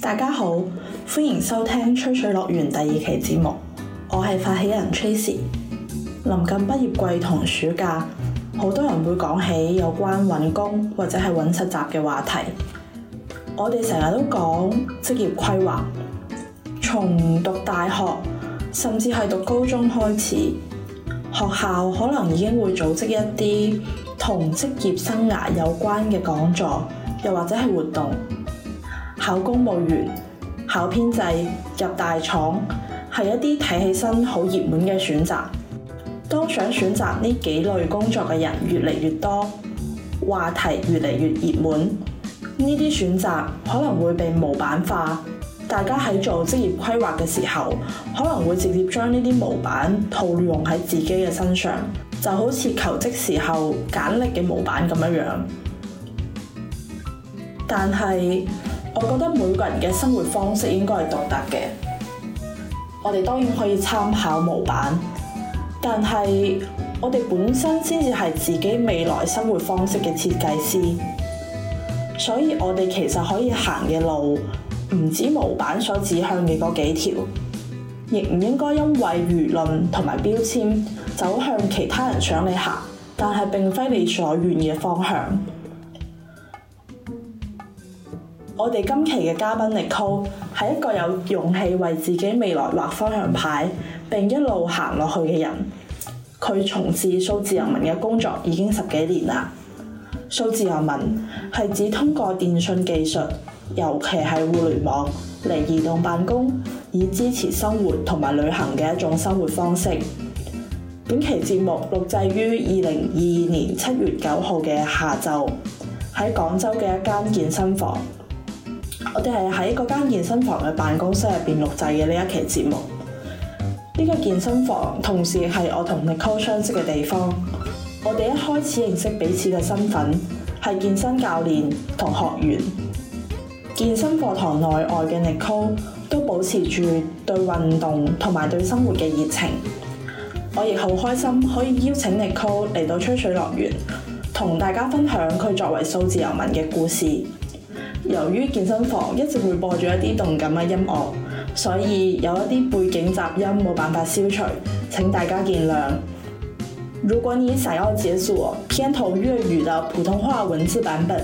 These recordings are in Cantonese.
大家好，歡迎收聽吹水樂園第二期節目，我係發起人 Tracy。臨近畢業季同暑假，好多人會講起有關揾工或者係揾實習嘅話題。我哋成日都講職業規劃，從讀大學甚至是讀高中開始，學校可能已經會組織一啲同職業生涯有關嘅講座，又或者是活動。考公務員、考編制、入大廠係一啲睇起身好熱門嘅選擇。當想選擇呢幾類工作嘅人越嚟越多，話題越嚟越熱門，呢啲選擇可能會被模板化。大家喺做職業規劃嘅時候，可能會直接將呢啲模板套用喺自己嘅身上，就好似求職時候簡歷嘅模板咁樣樣。但係。我覺得每個人嘅生活方式應該係獨特嘅。我哋當然可以參考模板，但係我哋本身先至係自己未來生活方式嘅設計師。所以我哋其實可以行嘅路，唔止模板所指向嘅嗰幾條，亦唔應該因為輿論同埋標籤，走向其他人想你行，但係並非你所願嘅方向。我哋今期嘅嘉賓 Nicole 係一個有勇氣為自己未來畫方向牌，並一路行落去嘅人。佢從事數字遊民嘅工作已經十幾年啦。數字遊民係指通過電訊技術，尤其係互聯網嚟移動辦公，以支持生活同埋旅行嘅一種生活方式。本期節目錄製於二零二二年七月九號嘅下晝，喺廣州嘅一間健身房。我哋係喺嗰間健身房嘅辦公室入面錄製嘅呢一期節目。呢個健身房同時係我同 Nicole 相識嘅地方。我哋一開始認識彼此嘅身份是健身教練同學員。健身課堂內外嘅 Nicole 都保持住對運動同埋對生活嘅熱情。我亦好開心可以邀請 Nicole 嚟到吹水樂園，同大家分享佢作為數字遊民嘅故事。由於健身房一直會播着一啲動感嘅音樂，所以有一啲背景雜音冇辦法消除，請大家見諒。如果你想要解鎖片頭粵語的普通話文字版本，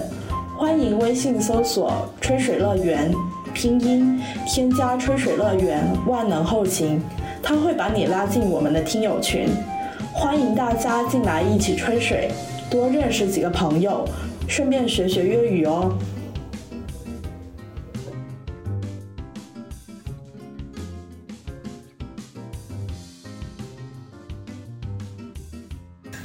歡迎微信搜索吹水樂園拼音，添加吹水樂園萬能後勤，佢會把你拉進我們的聽友群，歡迎大家進來一起吹水，多認識幾個朋友，順便學學粵語哦。